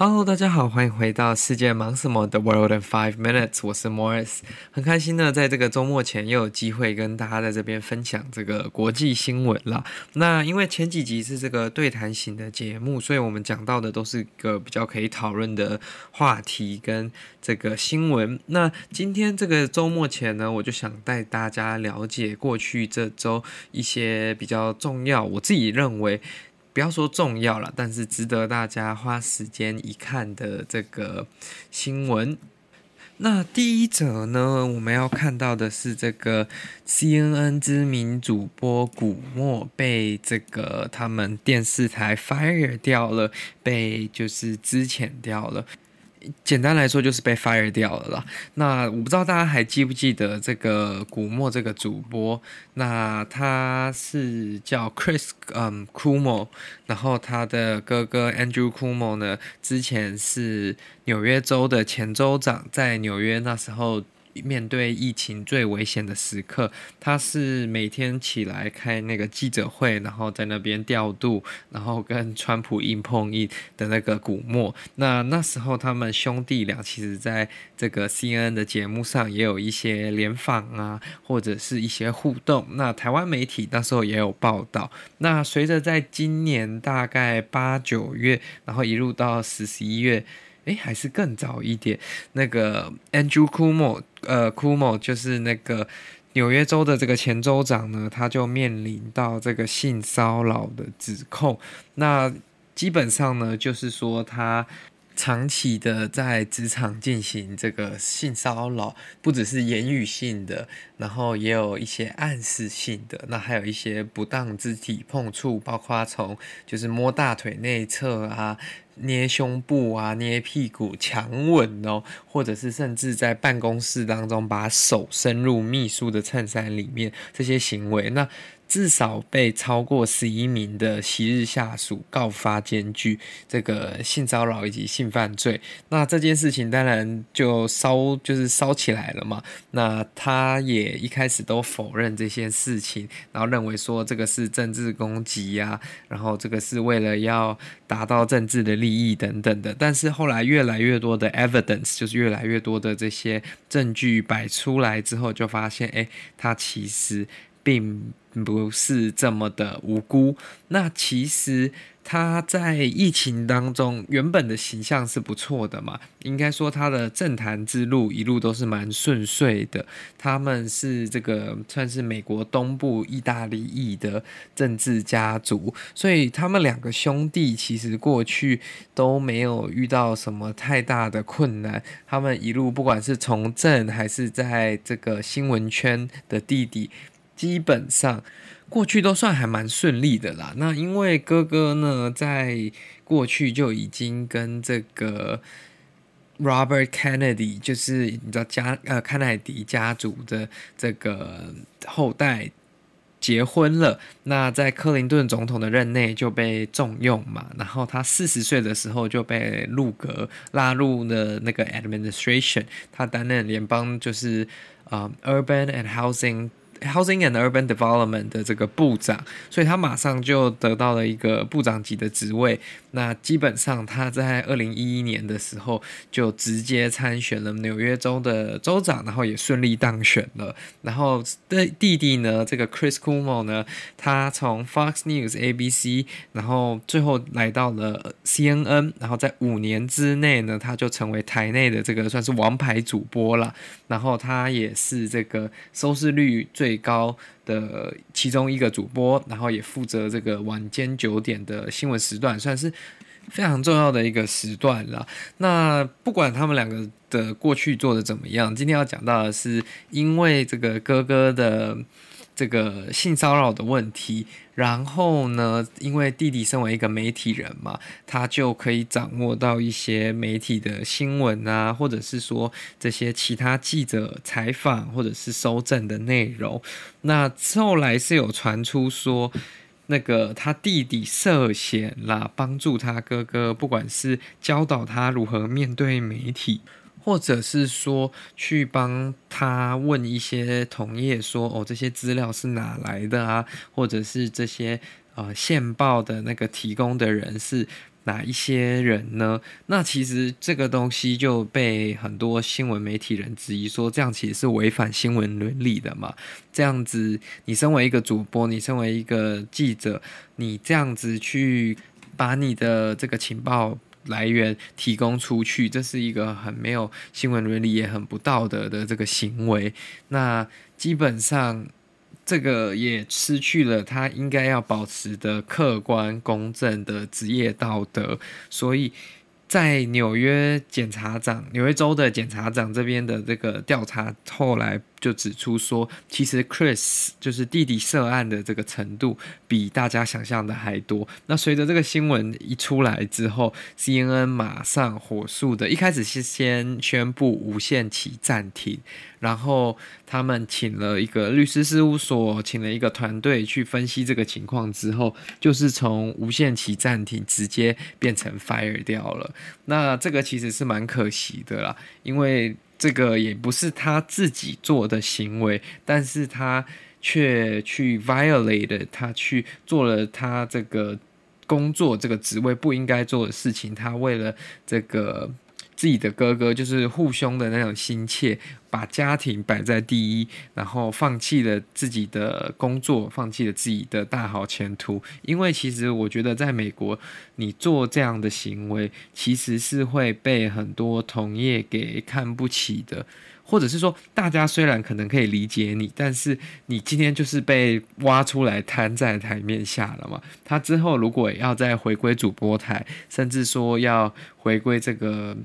Hello，大家好，歡迎回到《世界忙什麼》The World in Five Minutes，我是 Morris，很開心呢，在這個周末前又有機會跟大家在這邊分享這個國際新聞了。那因為前幾集是這個對談型的節目，所以我們講到的都是一個比較可以討論的話題跟這個新聞。那今天這個周末前呢，我就想帶大家了解過去這周一些比較重要，我自己認為。不要說重要了，但是值得大家花時間一看的這個新聞。那第一則呢，我們要看到的是這個 CNN 知名主播古莫被這個他們電視台 fire 掉了，被就是資遣掉了。簡單來說就是被 fire 掉了啦。那我不知道大家還記不記得這個古莫這個主播，那他是叫 Chris，嗯 Cuomo，然後他的哥哥 Andrew Cuomo 呢，之前是紐約州的前州長，在紐約那時候。面對疫情最危險的時刻，他是每天起來開那個記者會，然後在那邊調度，然後跟川普硬碰硬的那個古莫。那那時候他們兄弟倆其實在這個 CNN 的節目上也有一些聯訪啊，或者是一些互動。那台灣媒體那時候也有報道。那隨着在今年大概八九月，然後一路到十十一月。誒，還是更早一點，那個 Andrew Cuomo，呃 Cuomo，就是那個紐約州的這個前州長呢，他就面臨到這個性騷擾的指控。那基本上呢，就是說他長期的在職場進行這個性騷擾，不只是言語性的，然後也有一些暗示性的，那還有一些不當肢體碰觸，包括從就是摸大腿內側啊。捏胸部啊，捏屁股，強吻哦，或者是甚至在辦公室當中把手伸入秘書的襯衫裡面，這些行為，那至少被超過十一名的昔日下屬告發，檢舉這個性騷擾以及性犯罪。那這件事情當然就燒，就是燒起來了嘛。那他也一開始都否認這些事情，然後認為說這個是政治攻擊呀、啊，然後這個是為了要達到政治的利益。意義等等的，但是後來越來越多的 evidence，就是越來越多的這些證據擺出來之後，就發現，誒、欸，它其實並不是這麼的無辜。那其實他在疫情當中原本的形象是不錯的嘛。應該說他的政壇之路一路都是蠻順遂的。他們是這個算是美國東部意大利裔的政治家族，所以他們兩個兄弟其實過去都沒有遇到什麼太大的困難。他們一路不管是從政還是在這個新聞圈的弟弟。基本上過去都算還蠻順利的啦。那因為哥哥呢，在過去就已經跟這個 Robert Kennedy，就是你知道家呃甘迺迪家族的這個後代結婚了。那在克林頓總統的任內就被重用嘛。然後他四十歲的時候就被入閣拉入了那個 Administration，他擔任聯邦就是呃 Urban and Housing。Housing and Urban Development 的這個部長，所以他馬上就得到了一個部長級的職位。那基本上他在二零一一年的時候就直接參選了紐約州的州長，然後也順利當選了。然後對弟弟呢，這個 Chris Cuomo 呢，他從 Fox News、ABC，然後最後來到了 CNN，然後在五年之內呢，他就成為台內的這個算是王牌主播了。然後他也是這個收視率最。最高的其中一個主播，然後也負責這個晚間九點的新聞時段，算是非常重要的一個時段了。那不管他們兩個的過去做得怎麼樣，今天要講到的是，因為這個哥哥的，這個性騷擾的問題，然後呢，因為弟弟身為一個媒體人嘛，他就可以掌握到一些媒體的新聞啊，或者是說這些其他記者採訪或者是蒐證的內容。那後來是有傳出說，那個他弟弟涉嫌啦幫助他哥哥，不管是教導他如何面對媒體。或者是說去幫他問一些同業說，哦，這些資料是哪來的啊，或者是這些呃線報的那個提供的人是哪一些人呢？那其實這個東西就被很多新聞媒體人質疑說，這樣其實是違反新聞倫理的嘛。這樣子，你身為一個主播，你身為一個記者，你這樣子去把你的這個情報。來源提供出去，這是一個很沒有新聞倫理，也很不道德的這個行為。那基本上這個也失去了他應該要保持的客觀公正的職業道德。所以在紐約檢察長、紐約州的檢察長這邊的這個調查，後來。就指出說，其實 Chris 就是弟弟涉案的這個程度比大家想象的還多。那隨着這個新聞一出來之後，CNN 馬上火速的，一開始是先宣布無限期暫停，然後他們請了一個律師事務所，請了一個團隊去分析這個情況之後，就是從無限期暫停直接變成 fire 掉了。那這個其實是蠻可惜的啦，因為。這個也不是他自己做的行為，但是他卻去 violate，他去做了他這個工作，這個職位不應該做的事情。他為了這個自己的哥哥，就是護兄的那種心切，把家庭擺在第一，然後放棄了自己的工作，放棄了自己的大好前途。因為其實我覺得，在美國，你做這樣的行為，其實是會被很多同業給看不起的，或者是說，大家雖然可能可以理解你，但是你今天就是被挖出來攤在台面下了嘛。他之後如果要再回歸主播台，甚至說要回歸這個。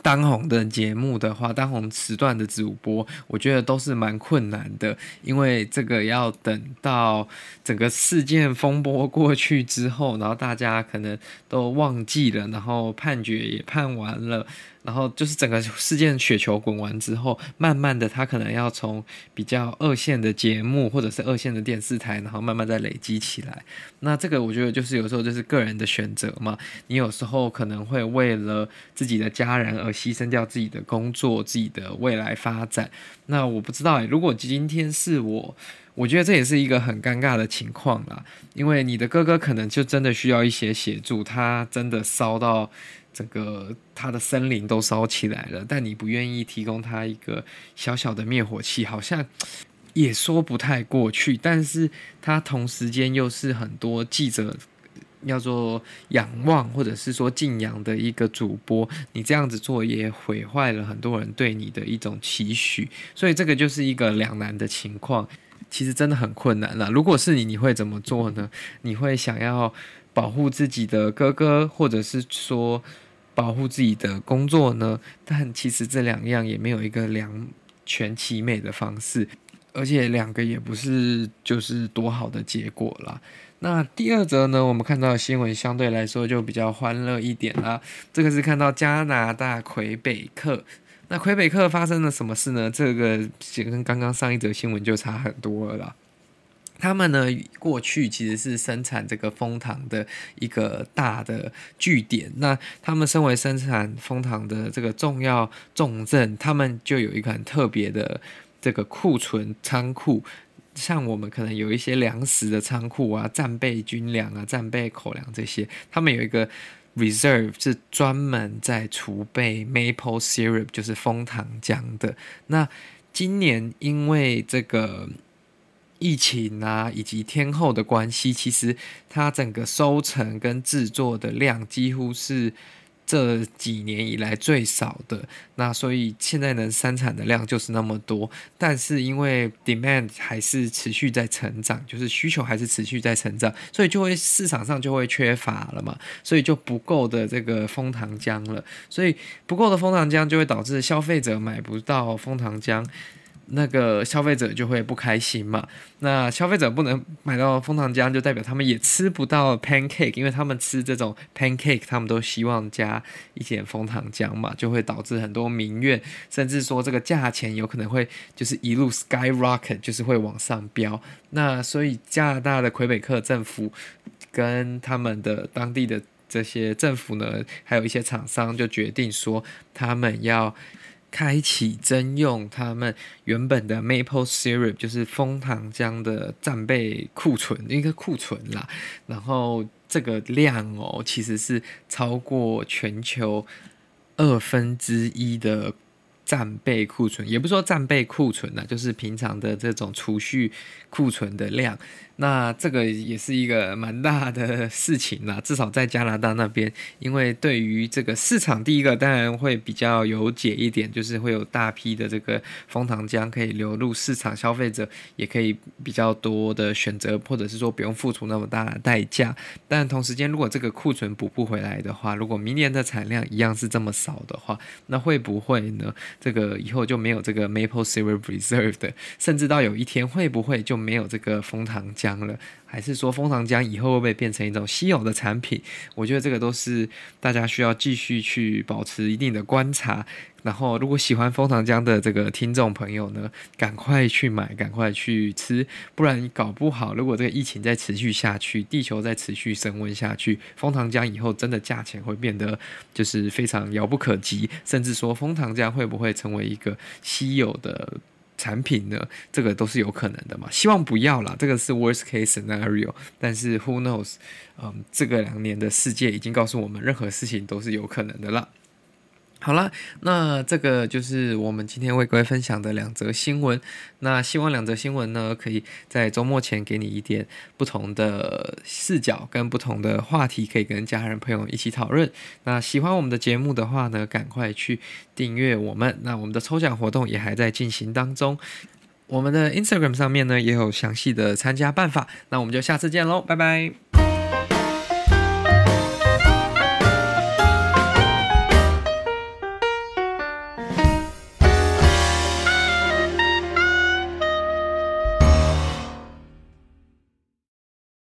當紅的節目的話，當紅時段的主播，我覺得都是蠻困難的，因為這個要等到整個事件風波過去之後，然後大家可能都忘記了，然後判決也判完了。然後就是整個事件雪球滾完之後，慢慢的他可能要從比較二線的節目或者是二線的電視台，然後慢慢再累積起來。那這個我覺得就是有時候就是個人的選擇嘛。你有時候可能會為了自己的家人而犧牲掉自己的工作、自己的未來發展。那我不知道誒，如果今天是我，我覺得這也是一個很尷尬的情況啦。因為你的哥哥可能就真的需要一些協助，他真的燒到。整個他的森林都燒起來了，但你不願意提供他一個小小的滅火器，好像也說不太過去。但是他同時間又是很多記者要做仰望或者是說敬仰的一個主播，你這樣子做也毀壞了很多人對你的一種期許，所以這個就是一個兩難的情況，其實真的很困難了。如果是你，你會怎麼做呢？你會想要…保護自己的哥哥，或者是說保護自己的工作呢？但其實這兩樣也沒有一個兩全其美的方式，而且兩個也不是就是多好的結果啦。那第二則呢，我們看到的新聞相對來說就比較歡樂一點啦。這個是看到加拿大魁北克，那魁北克發生了什麼事呢？這個跟剛剛上一則新聞就差很多了啦。他們呢，過去其實是生產這個楓糖的一個大的據點。那他們身為生產楓糖的這個重要重鎮，他們就有一個很特別的這個庫存倉庫。像我們可能有一些糧食的倉庫啊，戰備軍糧啊，戰備口糧這些，他們有一個 reserve 是專門在儲備 maple syrup，就是楓糖漿的。那今年因為這個。疫情啊，以及天候的關係，其實它整個收成跟製作的量幾乎是這幾年以來最少的。那所以現在能生產的量就是那麼多，但是因為 demand 還是持續在成長，就是需求還是持續在成長，所以就會市場上就會缺乏了嘛，所以就不夠的這個楓糖漿了。所以不夠的楓糖漿就會導致消費者買不到楓糖漿。那個消費者就會不開心嘛，那消費者不能買到楓糖漿，就代表他們也吃不到 pancake，因為他們吃這種 pancake，他們都希望加一點楓糖漿嘛，就會導致很多民怨，甚至說這個價錢有可能會就是一路 skyrocket，就是會往上飆。那所以加拿大的魁北克政府跟他們的當地的這些政府呢，還有一些廠商就決定說，他們要。開啟徵用他們原本的 Maple Syrup，就是楓糖漿的戰備庫存，一個庫存啦。然後這個量哦、喔，其實是超過全球二分之一的戰備庫存，也不說戰備庫存啦，就是平常的這種儲蓄庫存的量。那這個也是一個蠻大的事情啦，至少在加拿大那邊，因為對於這個市場，第一個當然會比較有解一點，就是會有大批的這個楓糖漿可以流入市場，消費者也可以比較多的選擇，或者是說不用付出那麼大的代價。但同時間，如果這個庫存補不回來的話，如果明年的產量一樣是這麼少的話，那會不會呢？這個以後就沒有這個 Maple syrup reserve 的，甚至到有一天會不會就沒有這個楓糖漿？還是說楓糖漿以後會不會變成一種稀有的產品？我覺得這個都是大家需要繼續去保持一定的觀察。然後，如果喜歡楓糖漿的這個聽眾朋友呢，趕快去買，趕快去吃，不然你搞不好，如果這個疫情再持續下去，地球再持續升溫下去，楓糖漿以後真的價錢會變得就是非常遙不可及，甚至說楓糖漿會不會成為一個稀有的？產品呢，這個都是有可能的嘛。希望不要啦，這個是 worst case scenario。但是 who knows，嗯，這個兩年的世界已經告訴我們，任何事情都是有可能的啦。好了，那這個就是我們今天為各位分享的兩則新聞。那希望兩則新聞呢，可以在周末前給你一點不同的視角跟不同的話題，可以跟家人朋友一起討論。那喜歡我們的節目的話呢，趕快去訂閱我們。那我們的抽獎活動也還在進行當中，我們的 Instagram 上面呢也有詳細的參加辦法。那我們就下次見嘍，拜拜。